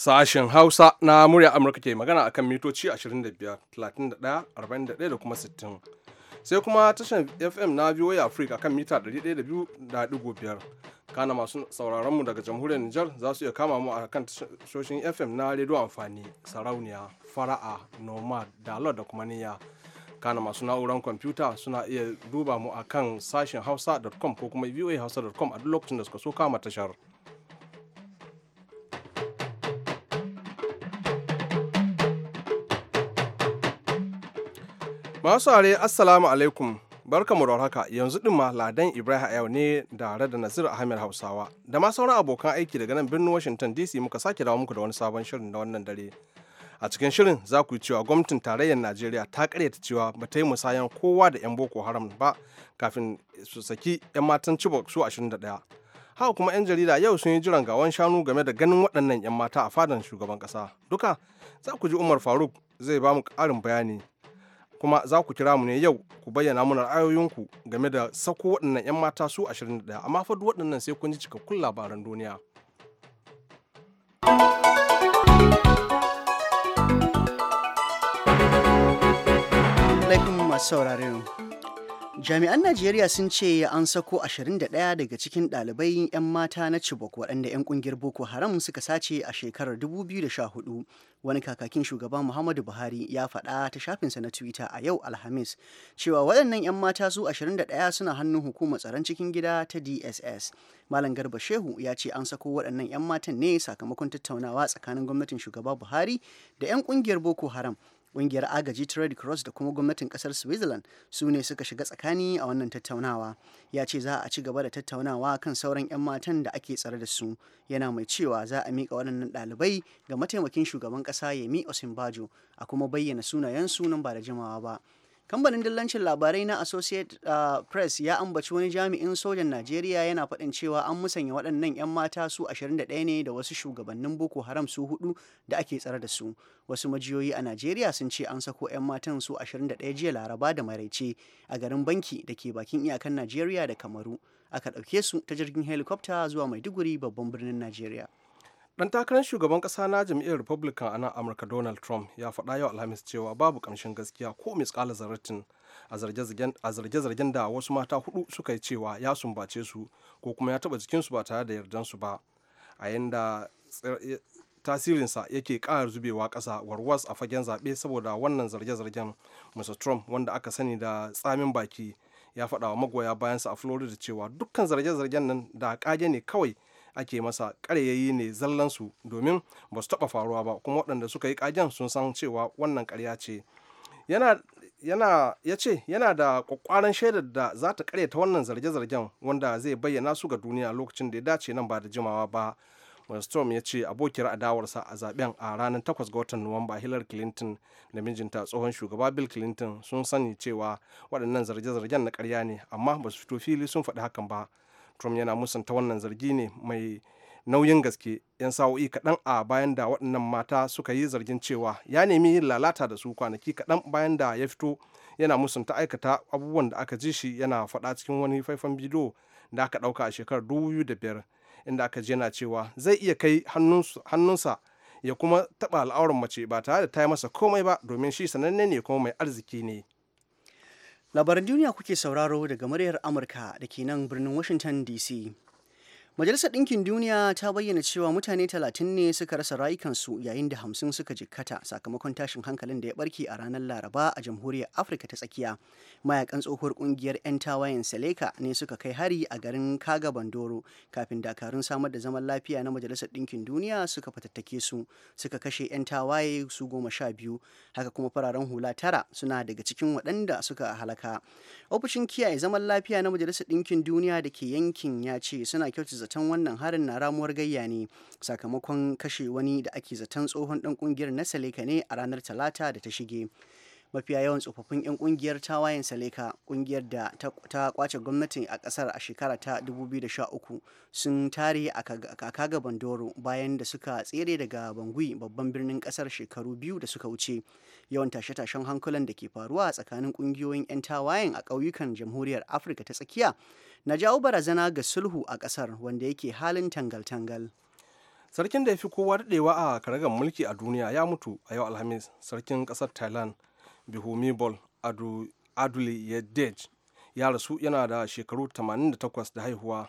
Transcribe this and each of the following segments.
Sashen Hausa na murya Amurka ke magana akan mitoci 25, 31, 41 da kuma 60. Sai kuma tashar FM na VOA Africa kan mita 102.5. Kana masu sauraron mu daga jamhuriyar Nijar za su iya kama mu a kan tashoshin FM na rediyo amfani, sarauniya, fara'a, nomad, dalar da kuma niyya. kana masu na'urar kwamfuta suna iya duba mu a kan sashen hausa.com ko kuma Hausa.com a duk lokacin da suka so kama tashar. Masu are Assalamu alaikum barkamu da haka yanzu din ma Ladan Ibrahim yau ne tare da Nasir Ahmed Hausawa da ma sauran abokan aiki daga nan birnin Washington DC muka sake dawo muku da wani sabon shirin na wannan dare. A cikin shirin za ku yi cewa gwamnatin tarayyar Najeriya ta karyata cewa ba ta yi musayan kowa da 'yan Boko Haram ba kafin su saki 'yan matan Chibok su 21. Haka kuma 'yan jarida yau sun yi jiran ga wani shanu game da ganin waɗannan 'yan mata a fadan shugaban ƙasa. Duka za ku ji Umar Faruk zai ba mu ƙarin bayani kuma za ku kira mu ne yau ku bayyana mana ra'ayoyinku game da sako waɗannan 'yan mata su 21 amma fa duk waɗannan sai kun ji cikakkun labaran duniya. Alaikum masu saurare Jami'an Najeriya sun ce an sako 21 daga cikin ɗalibai 'yan mata na Chibok waɗanda 'yan ƙungiyar Boko Haram suka sace a shekarar 2014. Wani kakakin shugaba Muhammadu Buhari ya faɗa ta shafinsa na Twitter a yau Alhamis cewa waɗannan 'yan mata su 21 suna hannun hukumar tsaron cikin gida ta DSS. Malam Garba Shehu ya ce an sako waɗannan 'yan matan ne sakamakon tattaunawa tsakanin gwamnatin shugaba Buhari da 'yan ƙungiyar Boko Haram Ƙungiyar agaji ta Red Cross da kuma gwamnatin ƙasar Switzerland su ne suka shiga tsakani a wannan tattaunawa. Ya ce za a ci gaba da tattaunawa kan sauran 'yan matan da ake tsare da su. Yana mai cewa za a miƙa waɗannan ɗalibai ga mataimakin shugaban ƙasa Yemi Osinbajo a kuma bayyana sunayensu nan ba da jimawa ba. kamfanin dillancin labarai na associate uh, press ya ambaci wani jami'in sojan najeriya yana faɗin cewa an musanya waɗannan 'yan mata su 21 ne da wasu shugabannin boko haram su hudu da ake tsare da su wasu majiyoyi a najeriya sun ce an sako 'yan matan su 21 jiya laraba da maraice a garin banki da ke bakin iyakan najeriya da kamaru aka ɗauke su ta jirgin helicopter zuwa maiduguri babban birnin najeriya dan takarar shugaban kasa na jam'iyyar republican a nan amurka donald trump ya faɗa yau alhamis cewa babu kamshin gaskiya ko tsala zarratin a zarge-zargen da wasu mata hudu suka yi cewa ya sumbace su ko kuma ya taɓa jikinsu ba tare da yardan su ba a yanda tasirinsa yake ƙara zubewa ƙasa warwas a fagen zaɓe saboda wannan zarge-zargen mr trump wanda aka sani da tsamin baki ya faɗawa wa magoya bayansa a florida cewa dukkan zarge-zargen nan da ƙage ne kawai ake masa karyayi ne zallansu domin ba su taɓa faruwa ba kuma waɗanda suka yi ƙagen sun san cewa wannan ƙarya ce yana ya ce yana da kwakwaran shaidar da za ta ta wannan zarge-zargen wanda zai bayyana su ga duniya lokacin da ya dace nan ba da jimawa ba Storm ya ce abokiyar adawarsa a zaben a ranar 8 ga watan Nuwamba Hillary Clinton da mijinta tsohon shugaba Bill Clinton sun sani cewa waɗannan zarge-zargen na ƙarya ne amma ba su fito fili sun faɗi hakan ba trump yana musanta wannan zargi ne mai nauyin gaske 'yan sa'o'i kaɗan a bayan da waɗannan mata suka yi zargin cewa ya nemi yin lalata da su kwanaki kaɗan bayan da ya fito yana musunta aikata abubuwan da aka ji shi yana faɗa cikin wani faifan bidiyo da aka ɗauka a shekarar 2005 inda aka ji yana cewa zai iya kai hannunsa ya kuma taɓa al'auran mace ba tare da ta yi masa komai ba domin shi sananne ne kuma mai arziki ne labaran duniya kuke sauraro daga muryar amurka da ke nan birnin washington dc Majalisar Ɗinkin Duniya ta bayyana cewa mutane 30 ne suka rasa rayukansu yayin da 50 suka jikkata sakamakon tashin hankalin da ya barke a ranar Laraba a Jamhuriyar Afirka ta Tsakiya. Mayakan tsohuwar kungiyar 'yan tawayen Seleka ne suka kai hari a garin Kaga Bandoro kafin dakarun samar da zaman lafiya na Majalisar Ɗinkin Duniya suka fatattake su suka kashe 'yan tawaye su goma sha biyu haka kuma fararen hula tara suna daga cikin waɗanda suka halaka. Ofishin kiyaye zaman lafiya na Majalisar Ɗinkin Duniya da ke yankin ya ce suna kyautata zaton wannan harin na ramuwar gayya ne sakamakon kashe wani da ake zaton tsohon dan kungiyar na ne a ranar Talata da ta shige. mafiya yawan tsofaffin 'yan kungiyar tawayen saleka kungiyar da ta kwace gwamnatin a kasar a shekara ta 2013 sun tare a kaga bandoro bayan da suka tsere daga bangui babban birnin kasar shekaru biyu da suka wuce yawan tashe-tashen hankulan da ke faruwa tsakanin kungiyoyin 'yan tawayen a ƙauyukan jamhuriyar afirka ta tsakiya na jawo barazana ga sulhu a kasar wanda yake halin tangal-tangal sarkin da ya fi kowa daɗewa a karagar mulki a duniya ya mutu a yau alhamis sarkin ƙasar thailand bihumibol aduliyadej ya ya rasu yana da shekaru 88 da haihuwa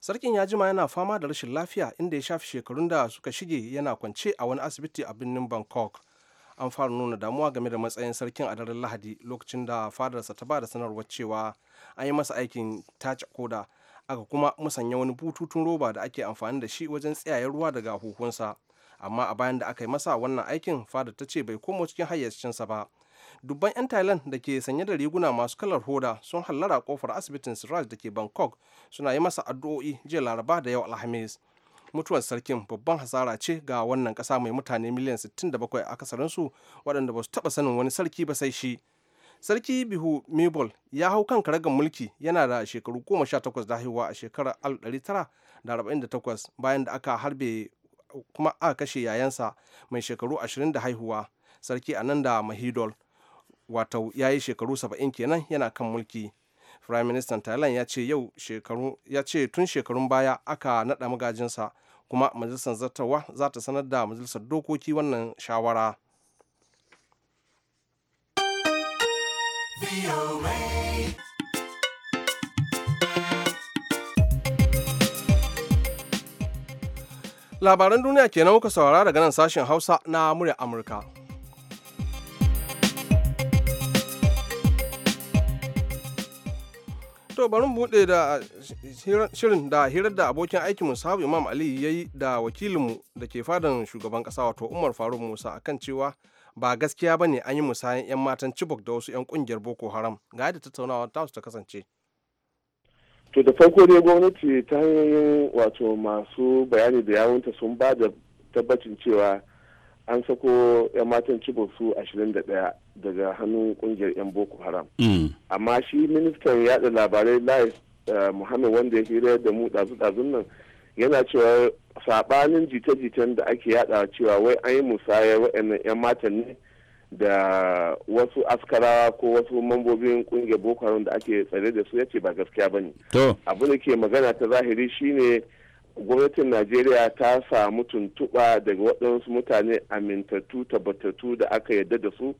sarkin ya jima yana fama da rashin lafiya inda ya shafi shekarun da suka shige yana kwance a wani asibiti a birnin bangkok an fara nuna damuwa game da matsayin sarkin a daren lahadi lokacin da fadarsa ta ba da sanarwar cewa an yi masa aikin tace koda aka kuma musanya wani bututun roba da ake amfani da shi wajen tsayayen ruwa daga huhunsa amma a bayan da aka yi masa wannan aikin fadar ta ce bai komo cikin hayyacinsa ba dubban 'yan thailand da ke sanye da riguna masu kalar hoda sun hallara kofar asibitin siraj da ke bangkok suna yi masa addu'o'i jiya laraba da yau alhamis mutuwar sarkin babban hasara ce ga wannan kasa mai mutane miliyan 67 kasarinsu waɗanda ba su taɓa sanin wani sarki ba sai shi sarki bihu mebol ya hau kan karagar mulki yana da shekaru 18 da haihuwa a shekarar 1948 bayan da aka harbe kuma aka kashe yayansa mai shekaru ashirin da haihuwa sarki ananda mahidol wato ya yi shekaru 70 kenan yana kan mulki prime minister thailand ya ce yau shekaru ya ce tun shekarun baya aka naɗa magajinsa kuma majalisar zartarwa za ta sanar da majalisar dokoki wannan shawara labaran duniya kenan kuka saurara daga nan sashen hausa na murya amurka To bari mu buɗe da shirin da hirar da abokin aikinmu sabu Imam Ali ya yi da wakilinmu da ke fadan shugaban kasa wato Umar Faruk Musa akan cewa ba gaskiya ba ne an yi musayan 'yan matan Chibok da wasu 'yan kungiyar Boko Haram ga yadda tattaunawa ta ta kasance. To da farko dai gwamnati ta hanyoyin wato masu bayani da yawunta sun ba da tabbacin cewa an sako 'yan matan cibo su 21 daga hannun kungiyar 'yan boko haram mm. amma shi ministan yada labarai lais eh, muhammad wanda ya hira da mu dazu ɗazun nan yana cewa sabanin jita-jitan da ake yada cewa wai an yi musaya waɗannan 'yan matan ne da wasu askara ko wasu mambobin kungiyar boko haram da ake tsare da su ya ce ba gaskiya ba ne abu da ke magana ta zahiri shine gwamnatin najeriya ta samu tuntuɓa daga waɗansu mutane amintattu tabbatattu da aka yarda da su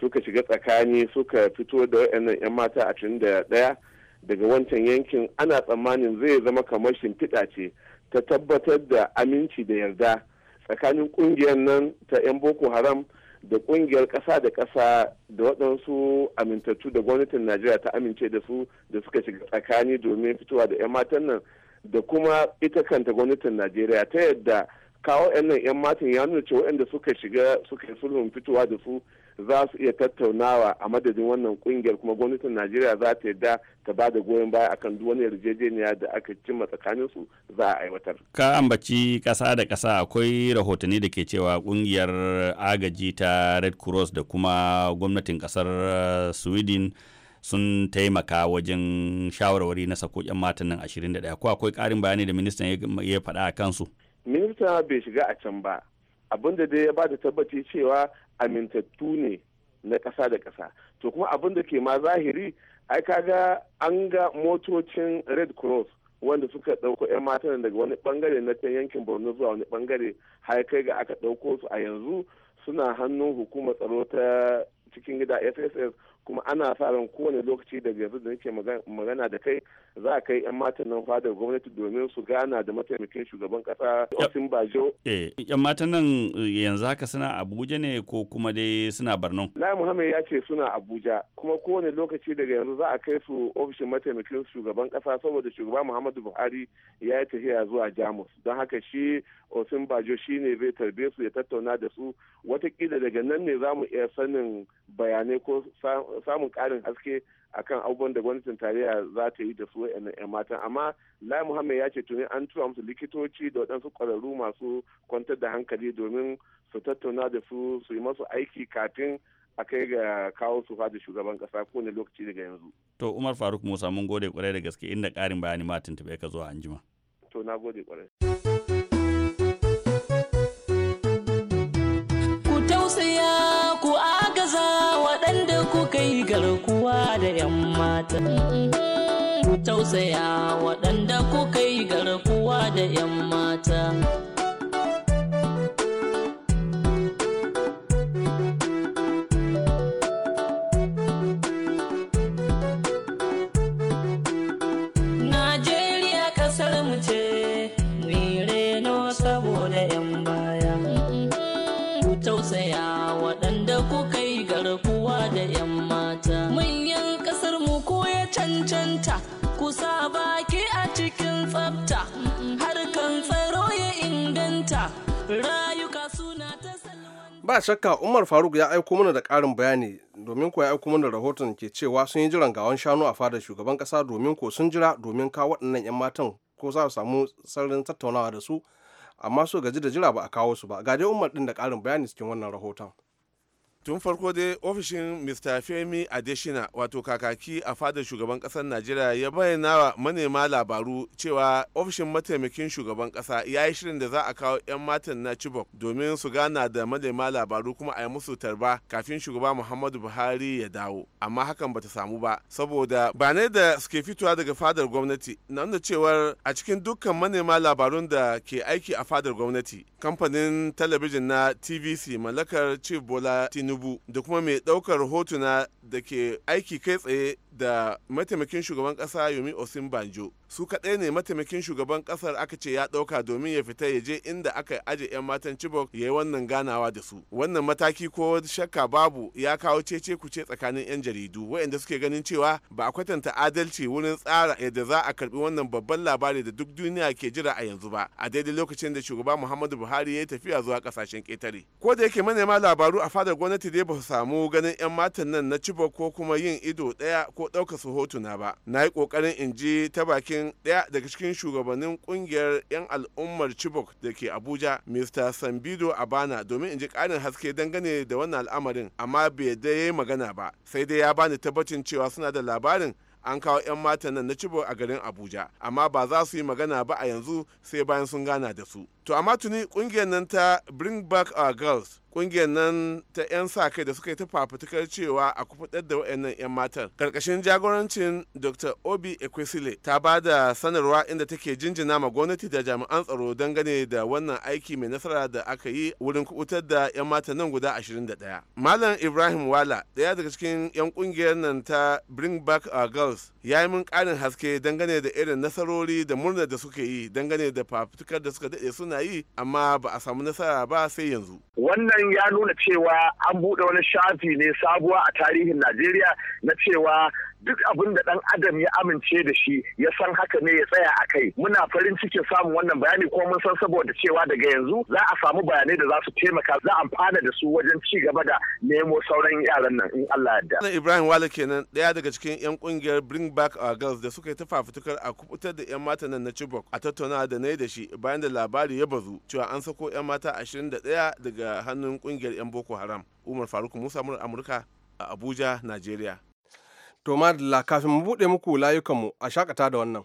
suka shiga tsakani suka fito da waɗannan 'yan mata ashirin da ɗaya daga wancan yankin ana tsammanin zai zama kamar shimfiɗa ce ta tabbatar da aminci da yarda tsakanin ƙungiyar nan ta 'yan boko haram da ƙungiyar ƙasa da ƙasa da waɗansu amintattu da gwamnatin najeriya ta amince da su da suka shiga tsakani domin fitowa da 'yan matan nan da kuma ita kanta gwamnatin najeriya ta yadda kawo 'yan nan 'yan matan ya nuna cewa waɗanda suka shiga suka yi sulhun fitowa da su za su iya tattaunawa a madadin wannan kungiyar kuma gwamnatin najeriya za ta yadda ta ba da goyon baya akan duk wani yarjejeniya da aka cimma tsakanin su za a aiwatar ka ambaci kasa da kasa akwai rahotanni da ke cewa kungiyar agaji ta red cross da kuma gwamnatin kasar eh, sweden sun taimaka wajen shawarwari na sako 'yan matan nan 21 ko akwai karin bayani da ministan ya faɗa a kansu minista bai shiga a can ba abinda da dai ya ba da tabbaci cewa amintattu ne na ƙasa da ƙasa to kuma abin da ke ma zahiri ai kaga an ga motocin red cross wanda suka ɗauko 'yan matan daga wani bangare na ta yankin borno zuwa wani bangare har kai ga aka ɗauko su a yanzu suna hannun hukumar tsaro ta cikin gida sss kuma ana sa ran kowane lokaci daga yanzu da nake magana da kai za a kai 'yan matan nan fadar gwamnati domin su gana da mataimakin shugaban kasa Osin Bajo. Eh, 'yan matan nan eh, yanzu haka suna Abuja ne ko kuma dai suna barno. Lai Muhammad ya ce suna Abuja kuma kowane lokaci daga yanzu za a kai su ofishin mataimakin shugaban kasa saboda shugaban Muhammadu Buhari ya yi tafiya zuwa Jamus don haka shi Osin Bajo shi ne zai tarbe su ya tattauna da su watakila daga nan ne za mu iya sanin bayanai ko samun karin haske akan abubuwan da gwamnatin tarayya za ta yi da su yan matan amma lai muhammed ya ce tuni an tura musu likitoci da waɗansu ƙwararru masu kwantar da hankali domin su tattauna da su su yi masu aiki kafin a kai ga kawo su da shugaban kasa ne lokaci daga yanzu. To Umar Faruk Musa mun gode kwarai da gaske inda ƙarin bayani ma bai ka zuwa anjima. To na gode kwarai. mata tausaya waɗanda kuka yi garkuwa da 'yan mata ba shakka umar faruk ya aiko mana da karin bayani domin kuwa ya aiko mana rahoton ke cewa sun yi jiran gawan shanu a fadar shugaban ƙasa domin ko sun jira domin kawo waɗannan 'yan matan ko za su samu sararin tattaunawa da su amma su gaji da jira ba a kawo su ba ga dai umar ɗin da karin bayani cikin wannan rahoton tun farko dai ofishin mr femi adeshina wato kakaki a fadar shugaban kasar najeriya ya bayyana wa manema labaru cewa ofishin mataimakin shugaban kasa ya yi shirin da za a kawo 'yan matan na chibok domin su gana da manema labaru kuma a yi musu tarba kafin shugaba muhammadu buhari ya dawo amma hakan bata samu ba saboda bayanai da suke fitowa daga fadar gwamnati na nuna cewar a cikin dukkan manema labarun da ke aiki a fadar gwamnati kamfanin talabijin na tvc mallakar chief bola tinubu tinubu da kuma mai ɗaukar hotuna da ke aiki kai tsaye da mataimakin shugaban kasa yomi banjo su kaɗai ne mataimakin shugaban kasar aka ce ya ɗauka domin ya fita ya je inda aka aje 'yan matan chibok ya yi wannan ganawa da su wannan mataki ko shakka babu ya kawo cece kuce tsakanin 'yan jaridu wayanda suke ganin cewa ba a kwatanta adalci wurin tsara yadda za a karbi wannan babban labari da duk duniya ke jira a yanzu ba a daidai lokacin da shugaba muhammadu buhari ya yi tafiya zuwa kasashen ketare ko da yake manema labaru a fadar gwamnati dai ba su samu ganin 'yan matan nan na chibok ko kuma yin ido ɗaya ko ko ɗaukar su hotuna ba na yi ƙoƙarin in ji ta bakin ɗaya daga cikin shugabannin ƙungiyar 'yan al'ummar chibok da ke abuja mr sambido abana domin in ji ƙarin haske dangane da wannan al'amarin amma bai yi magana ba sai dai ya bani tabbacin cewa suna da labarin an kawo 'yan matan nan na chibok a garin abuja amma ba za su yi magana ba a yanzu sai bayan sun gana da su to amma tuni ƙungiyar nan ta bring back our girls kungiyar nan ta 'yan sa kai da suka yi ta fafutukar cewa a kufuɗar da wayannan 'yan matan karkashin jagorancin dr obi ekwesile ta ba da sanarwa inda take jinjina ma gwamnati da jami'an tsaro dangane da wannan aiki mai nasara da aka yi wurin kubutar da 'yan matan nan guda 21 malam ibrahim wala ɗaya daga cikin 'yan kungiyar nan ta bring back our girls ya yi min ƙarin haske dangane da irin nasarori da murnar da suke yi dangane da fafutukar da suka daɗe suna yi amma ba a samu nasara ba sai yanzu wannan wannan ya nuna cewa an buɗe wani shafi ne sabuwa a tarihin najeriya na cewa duk abin da dan adam ya amince da shi ya san haka ne ya tsaya a kai muna farin cikin samun wannan bayani ko mun san saboda cewa daga yanzu za a samu bayanai da za su taimaka za a amfana da su wajen ci gaba da nemo sauran yaran nan in Allah yarda Ibrahim Wale kenan daya daga cikin yan kungiyar Bring Back Our Girls da suka yi ta fafutukar a kubutar da yan mata nan na Chibok a tattauna da ne da shi bayan da labari ya bazu cewa an sako yan mata 21 daga hannun kungiyar yan Boko Haram Umar Faruk Musa Amurka a Abuja, nigeria. To la kafin mu buɗe muku layukanmu a shakata da wannan.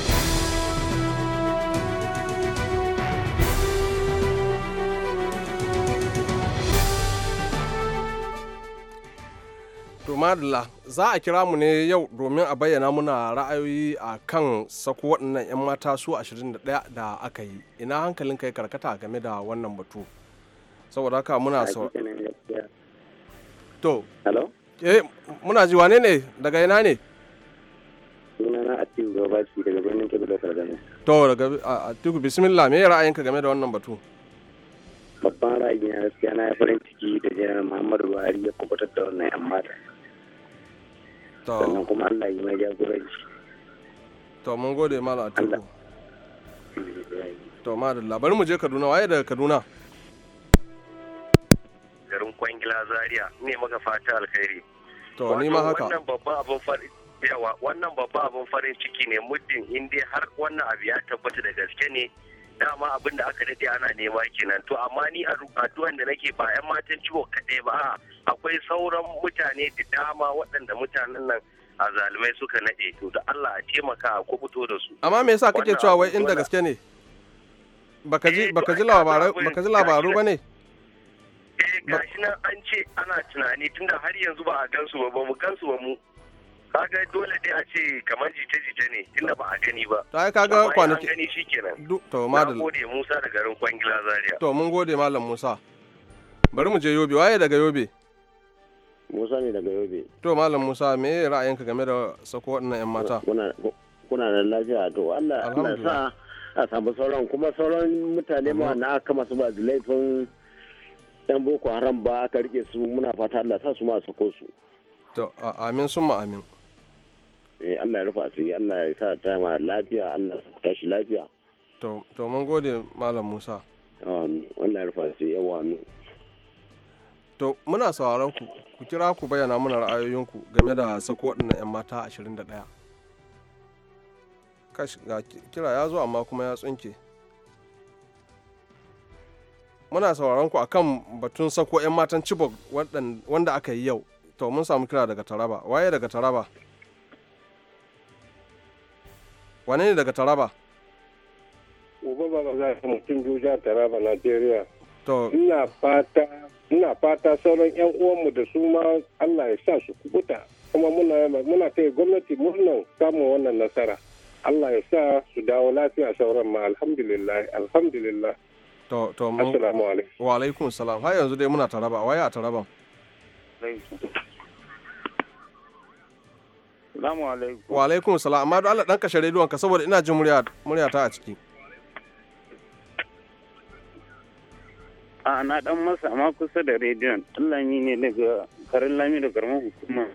madalla za a kira mu ne yau domin a bayyana muna ra'ayoyi a kan sako waɗannan 'yan mata su 21 da aka yi ina hankalin kai karkata game da wannan batu saboda haka muna sau to eh muna ji wane ne daga ina ne sunana daga birnin da to daga atiku bismillah me ra'ayinka game da wannan batu babban ra'ayi na gaskiya na farin ciki da jiran muhammadu buhari ya kubutar da wannan yan mata sannan kuma Allah mai jagoranci to mun gode mala atiku to madalla bari mu je kaduna waye daga kaduna garin kwangila zaria ne maka fata alkhairi to ni ma haka wannan babban abin farin yawa wannan babban farin ciki ne muddin Indiya har wannan abu ya tabbata da gaske ne dama abin da aka daɗe ana nema kenan to amma ni a addu'an da nake ba 'yan matan ciwo kaɗai ba akwai sauran mutane da dama waɗanda mutanen nan a zalimai suka naɗe to da Allah a taimaka a kubuto da su amma me yasa kake cewa wai inda gaske ne baka eh, ji baka ji labaru baka ji labaru bane eh gashi nan an ce ana tunani tunda har yanzu ba a gansu ba ba mu gansu ba mu kaga dole ne a ce kamar jita-jita ne tunda ba a gani ba to ai kaga kwanaki gani shikenan to madal na gode Musa da garin Kwangila Zaria to mun gode malam Musa bari mu je Yobe waye daga Yobe Musa ne daga Yobe to malam Musa me ra'ayinka game da sako wannan yan mata kuna kuna da lafiya to Allah Allah sa a samu sauran kuma sauran mutane ma na aka masu ba laifin yan boko haram ba aka rike su muna fata Allah sa su ma sako su to amin sun ma amin Eh, Allah ya rufa asiri Allah ya sa ta ma lafiya Allah ya shi lafiya to to mun gode malam Musa amin Allah ya rufa asiri yawa amin to muna sauraron ku ku kira ku bayyana mana ra'ayoyinku game da sako waɗannan 'yan mata 21 kash ga kira ya zo amma kuma ya tsunke muna sauraron ku akan batun sako 'yan matan Chibok wanda aka yi yau to mun samu kira daga Taraba waye daga Taraba wane ne daga taraba uba ba za a mutum juja taraba najeriya to ina fata ina fata sauran yan uwanmu da su ma allah ya sa su kubuta kuma muna muna kai gwamnati murnan samun wannan nasara allah ya sa su dawo lafiya sauran ma alhamdulillah alhamdulillah to to assalamu alaikum wa alaikum salam har yanzu dai muna taraba waya a taraban Salamu alaikum. Wa alaikum salam. Amma don Allah ɗan kashe rediyon ka saboda ina jin murya ta a ciki. A na ɗan masa amma kusa da rediyon. Allah ne daga Karin Lami da garman hukuma.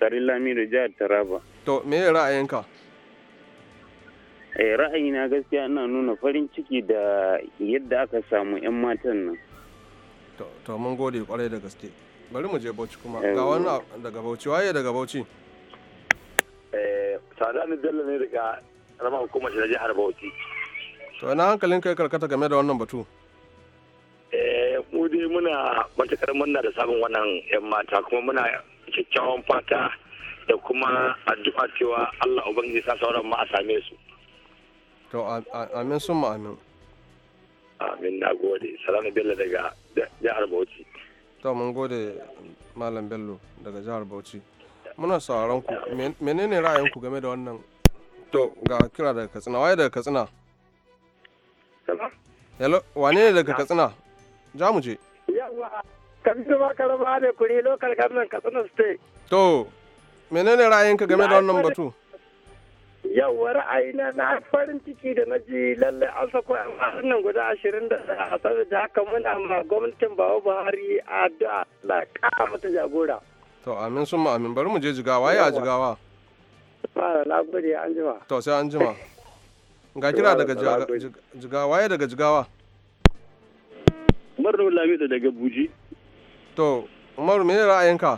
Karin Lami da jihar Taraba. To me ra'ayinka? Eh ra'ayina gaskiya ina nuna farin ciki da yadda aka samu 'yan matan nan. To mun gode kwarai da gaske. Bari mu je Bauchi kuma. Ga wani daga Bauchi waye daga Bauchi? Eh, sadani bello ne daga ramar hukumar na jihar bauchi to na hankalin kai karkata game da wannan batu eh, mu dai muna matukar muna da samun wannan yan mata kuma muna kyakkyawan fata da kuma addu'a cewa Allah ubangiji sa sauran ma a same su to amin sun amin amin na gode salamu bello daga jihar bauchi to mun gode malam bello daga jihar bauchi muna sauraron ku menene ra'ayinku game da wannan to ga kira daga katsina waye daga katsina hello wane ne daga katsina ja mu je yawa kabiru ma karama ne kuri lokal government katsina state to menene ra'ayinka game da wannan batu yawa ra'ayina na farin ciki da na ji lallai an sako a wannan guda ashirin da a saboda haka muna ma gwamnatin bawa buhari a da la mata jagora to amin sun ma amin bari mu je jigawa ya jigawa fara na gode an jima to sai an jima ga kira daga jigawa ya daga jigawa umaru lamido daga buji to umaru me ra'ayinka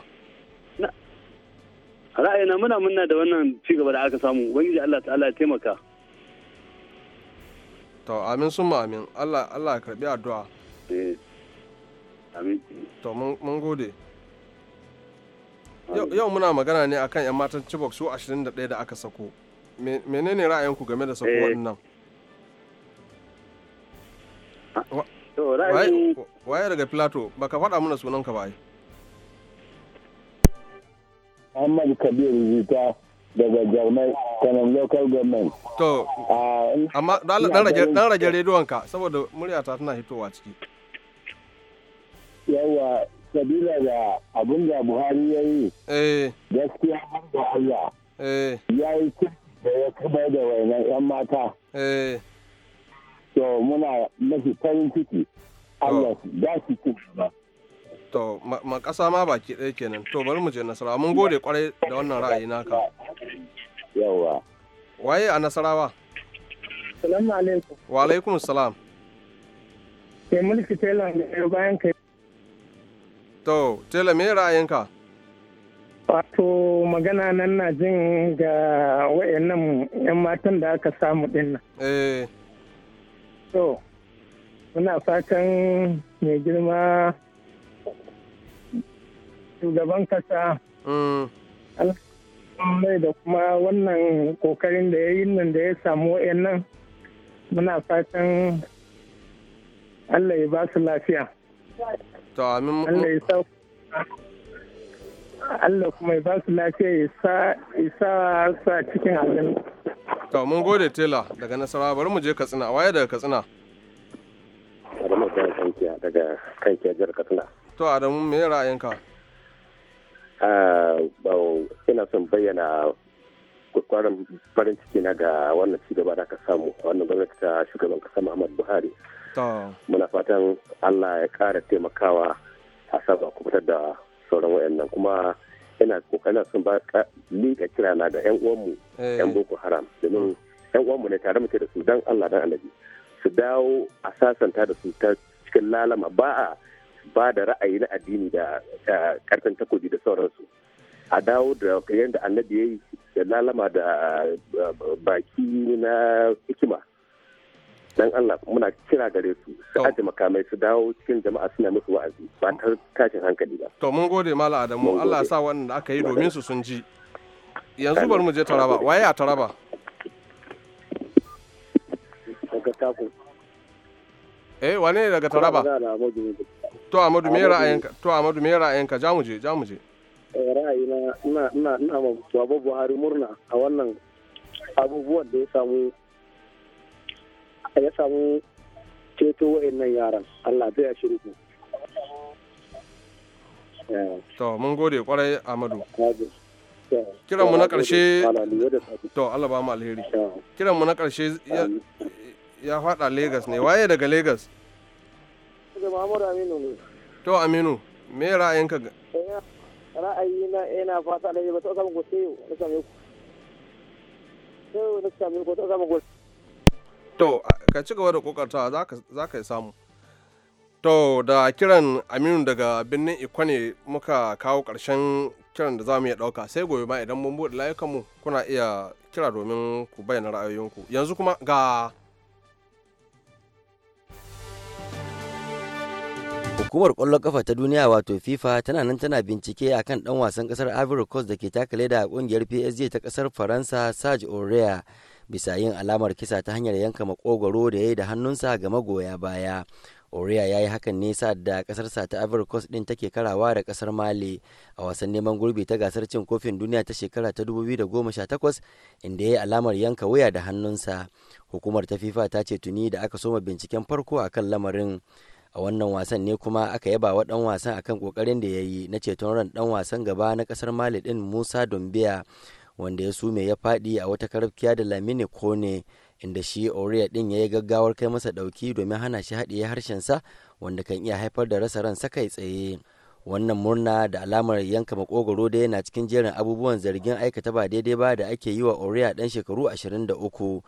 ra'ayina muna muna da wannan cigaba da aka samu ubangiji Allah ta'ala ya taimaka to amin sun amin Allah Allah ya karbi addu'a eh, amin to mun gode yau muna magana ne akan 'yan matan chibok su 21 da aka sako menene ra'ayinku game da sako eh. wannan waye daga plato baka faɗa muna sunan ka ba Ahmad Kabir Zita daga Jarmai kanan local government. To, ah, amma dan rage rediyonka saboda ta tana hitowa ciki. Yawa, sabila da abin da buhari ya yi eh. gaskiya har da allah eh. ya yi da ya kaba da wainan 'yan mata eh. to muna mafi farin ciki allah ba su ci ba to ma kasa ma baki ɗaya kenan to bari mu je nasarawa mun gode kwarai da wannan ra'ayi naka yawa waye a nasarawa salamu alaikum wa alaikum salam ke mulki tela ne bayan kai to Tela me ra'ayinka? Wato magana nan na jin ga wayannan 'yan matan da aka samu din nan. Eh. To, muna fatan mai girma shugaban kasa. mai mm. da kuma wannan kokarin da ya yi nan da ya samu wayannan muna fatan Allah ya ba su lafiya. Allah ya sauka. Allah kuma ya ba su lafiya ya sa sa cikin abin. To mun gode tela daga nasarawa bari mu je Katsina waye daga Katsina. Adamu daga kankiya daga kankiya jar Katsina. To Adamu me ra'ayinka? Ah, ina son bayyana kwarin farin ciki na ga wannan cigaba da aka samu wannan gwamnati ta shugaban kasa Muhammadu Buhari. Muna fatan Allah ya kara taimakawa a saba kubutar da sauran wayannan kuma yana kokarin sun ba liƙa kira na ga 'yan uwanmu 'yan eh. boko haram domin 'yan uwanmu ne tare muke da su dan allah dan annabi su dawo a sasanta da su ta cikin lalama ba a ba da ra'ayi na addini da karfin takobi da sauransu a dawo da yadda annabi ya yi da lalama da baki na hikima dan Allah muna kira gare su su aje makamai su dawo cikin jama'a suna musu wa'azi ba ta tashin hankali ba to mun gode mala adamu Allah sa wannan da aka yi domin su sun ji yanzu bari mu je taraba waye a taraba eh wane daga taraba to amadu me ra'ayinka to amadu me ra'ayinka ja mu je ja mu je eh, ra'ayina ina ina ina ma babu buhari murna a wannan abubuwan da ya samu a ya samu ceto wa'annan yaran Allah zai ya shirku eh. to mun gode kwarai Amadu eh. kiran mu na karshe to Allah ba mu alheri eh. kiran mu na karshe ya fada Lagos ne waye daga Lagos to Aminu me ra'ayinka ra'ayi na yana fata da ba ta samu goseyo na same ku sai na same ku ta samu goseyo to ka ci gaba da kokarta za ka samu to da kiran aminu daga birnin ikone muka kawo ƙarshen kiran da za mu iya ɗauka sai gobe ma idan mun buɗe layukanmu kuna iya kira domin ku bayyana ra'ayoyinku yanzu kuma ga Hukumar kwallon kafa ta duniya wato FIFA tana nan tana bincike akan ɗan wasan ƙasar Ivory Coast da ke taka leda a ƙungiyar PSG ta ƙasar Faransa Serge Aurier bisa yin alamar kisa ta hanyar yanka makogwaro da ya yi da hannunsa ga magoya baya oriya ya yi hakan nesa da kasarsa ta ivory coast din take karawa da kasar mali a wasan neman gurbi ta gasar cin kofin duniya ta shekara ta 2018 inda ya yi alamar yanka wuya da hannunsa hukumar ta fifa ta ce tuni da aka soma binciken farko a kan lamarin a wannan wasan ne kuma aka yaba wa dan wasan akan kokarin da ya yi na ceton ran dan wasan gaba na kasar mali din musa dumbiya wanda ya sume ya faɗi a wata karafkiya da lamini kone inda shi oriya din ya yi gaggawar kai masa ɗauki domin hana shi haɗiye sa wanda kan iya haifar da rasa ransa kai tsaye wannan murna da alamar yanka makogoro da yana cikin jerin abubuwan zargin aikata ba daidai ba da ake yi wa oriya dan shekaru 23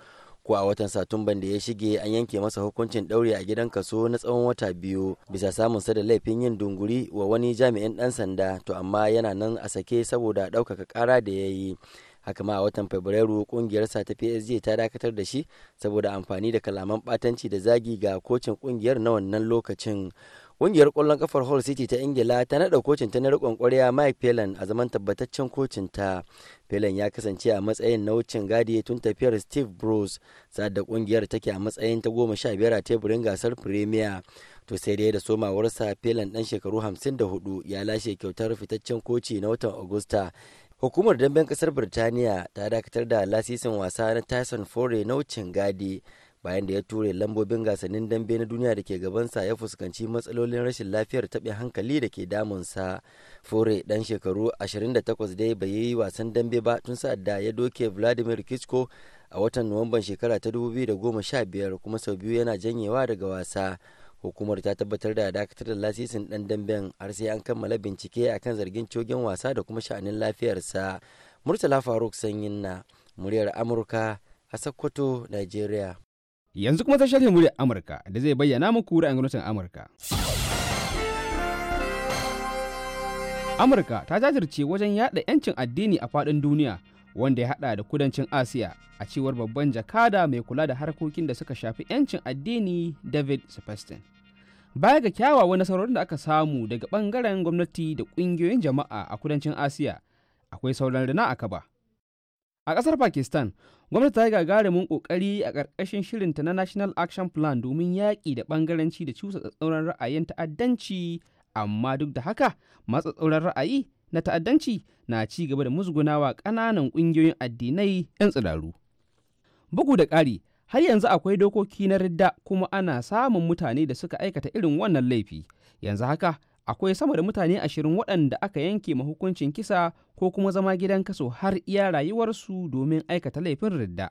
ko a watan satumban da ya shige an yanke masa hukuncin ɗaure a gidan kaso na tsawon wata biyu bisa samunsa da laifin yin dunguri wa wani jami'in ɗan sanda to amma yana nan a sake saboda ɗaukaka ƙara da ya yi haka ma a watan fabrairu kungiyarsa ta psg ta dakatar da shi saboda amfani da kalaman batanci da zagi ga kocin kungiyar na wannan lokacin kungiyar kwallon kafar Hull City ta Ingila ta naɗa kocin ta na riƙon ƙwarya Mike Phelan a zaman tabbataccen kocin ta. Phelan ya kasance a matsayin na wucin gadi tun tafiyar Steve Bruce sa'ad da ƙungiyar take a matsayin ta goma sha biyar a teburin gasar Premier. To sai dai da somawarsa Phelan ɗan shekaru hamsin da hudu ya lashe kyautar fitaccen koci na watan Agusta. Hukumar damben kasar Birtaniya ta dakatar da lasisin wasa na Tyson Fore na wucin gadi. bayan da ya ture lambobin gasannin dambe na duniya da ke gabansa ya fuskanci matsalolin rashin lafiyar taɓin hankali da ke damunsa fure dan shekaru 28 dai bai yi wasan dambe ba tun sa'ad da ya doke vladimir kitsko a watan nuwamban shekara ta 2015 kuma sau biyu yana janyewa daga wasa hukumar ta tabbatar da dakatar da lasisin dan damben har sai an kammala bincike akan zargin cogen wasa da kuma sha'anin lafiyarsa murtala faruk sanyin na muryar amurka a sokoto nigeria Yanzu kuma tashar muryar Amurka da zai bayyana muku ra'ayin gwamnatin Amurka. Amurka ta jajirce wajen yada 'yancin addini a fadin duniya wanda ya hada da kudancin Asiya a cewar babban jakada mai kula da harkokin da suka shafi 'yancin addini David Sebastian. Baya ga kyawawan nasarorin da aka samu daga bangaren gwamnati da kungiyoyin jama'a a kudancin Asiya, akwai sauran rina a kaba. A ƙasar Pakistan, gwamnati ta yi gagarumin ƙoƙari a ƙarƙashin shirinta na National Action Plan domin yaƙi da ɓangaranci da cusa tsatsauran ra'ayin ta'addanci, amma duk da haka masu tsatsauran ra'ayi na ta'addanci na ci gaba da musgunawa ƙananan ƙungiyoyin addinai 'yan tsiraru. Bugu da ƙari, har yanzu akwai dokoki na ridda kuma ana samun mutane da suka aikata irin wannan laifi. Yanzu haka, akwai sama da mutane ashirin waɗanda aka yanke mahukuncin kisa ko kuma zama gidan kaso har iya rayuwarsu domin aikata laifin ridda.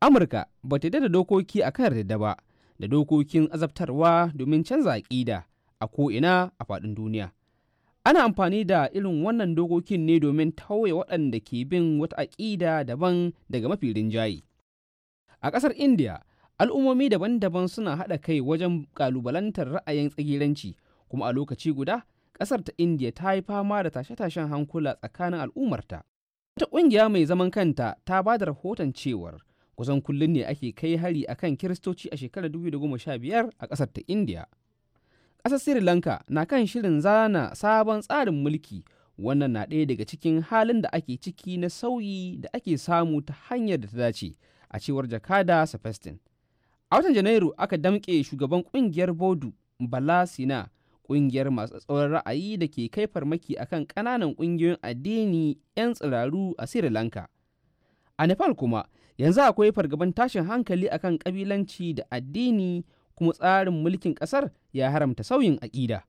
Amurka ba ta da dokoki a kan ridda ba, da dokokin azabtarwa domin canza aƙida a ko'ina a faɗin duniya. Ana amfani da irin wannan dokokin ne domin tauye waɗanda ke bin wata aƙida daban daga mafi rinjaye. A ƙasar India, al'ummomi daban-daban suna haɗa kai wajen ƙalubalantar ra'ayin tsagiranci kuma a lokaci guda ƙasar ta indiya ta yi fama da tashe-tashen hankula tsakanin al'ummarta wata ƙungiya mai zaman kanta ta ba da rahoton cewar kusan kullum ne ake kai hari a kan kiristoci a shekarar 2015 a ƙasar ta indiya ƙasar sri lanka na kan shirin zana sabon tsarin mulki wannan na ɗaya daga cikin halin da ake ciki na sauyi da ake samu ta hanyar da ta dace a cewar jakada sefestin a watan janairu aka damƙe shugaban ƙungiyar bodu bala sina ƙungiyar masu tsawon ra'ayi da ke kai farmaki akan ƙananan ƙungiyoyin addini 'yan tsiraru a sri lanka a nepal kuma yanzu akwai fargaban tashin hankali akan ƙabilanci da addini kuma tsarin mulkin ƙasar ya haramta sauyin aƙida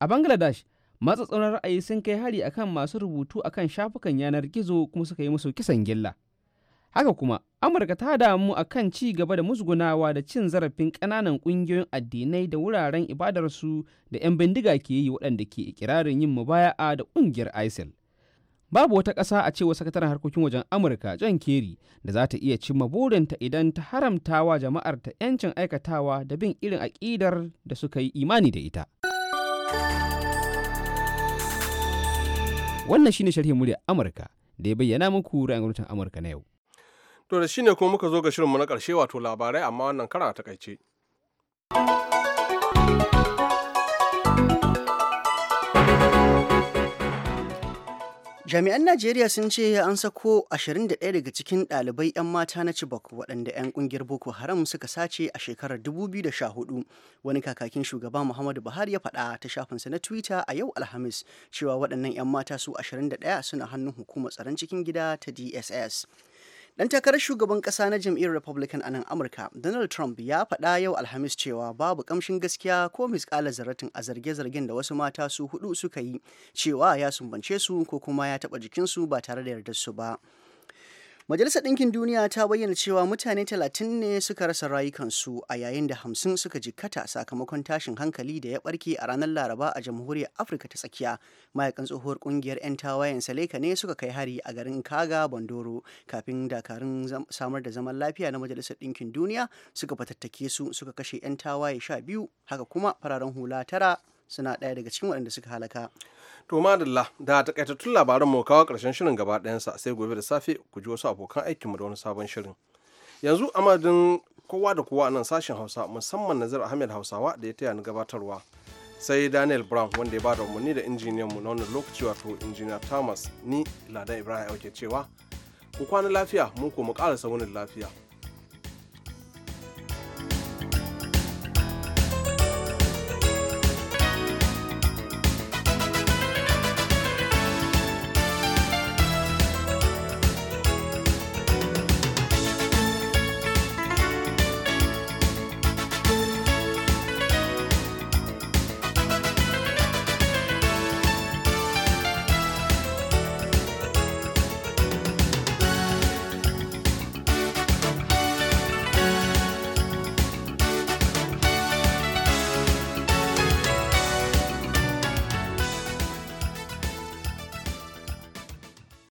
a bangladesh masu tsawon ra'ayi sun kai hari akan masu rubutu akan shafukan yanar gizo kuma suka yi musu kisan gilla haka kuma amurka ta damu a kan ci gaba da musgunawa da cin zarafin ƙananan ƙungiyoyin addinai da wuraren ibadarsu da 'yan bindiga ke yi waɗanda ke ikirarin yin mubaya'a da ƙungiyar isil babu wata ƙasa a cewa sakataren harkokin wajen amurka john kerry da za ta iya cimma burinta idan ta haramtawa jama'ar ta 'yancin aikatawa da bin irin aƙidar da suka yi imani da ita wannan shine sharhin murya amurka da ya bayyana muku ra'ayin gwamnatin amurka na yau To da shine kuma muka zo ga shirinmu na ƙarshe wato labarai amma wannan kara ta kaice. Jami'an Najeriya sun ce an sako 21 daga cikin ɗalibai 'yan mata na Chibok waɗanda 'yan ƙungiyar Boko Haram suka sace a shekarar 2014. Wani kakakin shugaba Muhammadu Buhari ya faɗa ta shafinsa na Twitter a yau Alhamis cewa waɗannan 'yan mata su 21 suna hannun hukumar tsaron cikin gida ta DSS. Dan takarar shugaban kasa na jam'iyyar Republican a nan Amurka, Donald Trump ya faɗa yau Alhamis cewa babu ƙamshin gaskiya ko misƙala zaratin a zarge-zargen da wasu mata su hudu suka yi cewa ya sumbance su ko kuma ya taɓa jikinsu ba tare da yardar su ba. Majalisar Ɗinkin Duniya ta bayyana cewa mutane talatin ne suka rasa rayukansu a yayin da hamsin suka jikkata sakamakon tashin hankali da ya barke a ranar Laraba a Jamhuriyar Afirka ta Tsakiya. Mayakan tsohuwar kungiyar 'yan tawayen Saleka ne suka kai hari a garin Kaga Bandoro kafin dakarun samar da zaman lafiya na Majalisar Ɗinkin Duniya suka fatattake su suka kashe 'yan tawaye 12 haka kuma fararen hula tara suna ɗaya daga cikin waɗanda suka halaka. To madalla da takaitattun labaran mu kawo karshen shirin gaba sa sai gobe da safe ku ji wasu abokan aikinmu da wani sabon shirin. Yanzu amadin kowa da kowa nan sashen Hausa musamman Nazar Ahmed Hausawa da ya taya ni gabatarwa. Sai Daniel Brown wanda ya ba da umarni da injiniyan mu na wannan lokaci wato injiniya Thomas ni Ladan Ibrahim Auke cewa ku kwana lafiya mu ko mu ƙara wunin lafiya.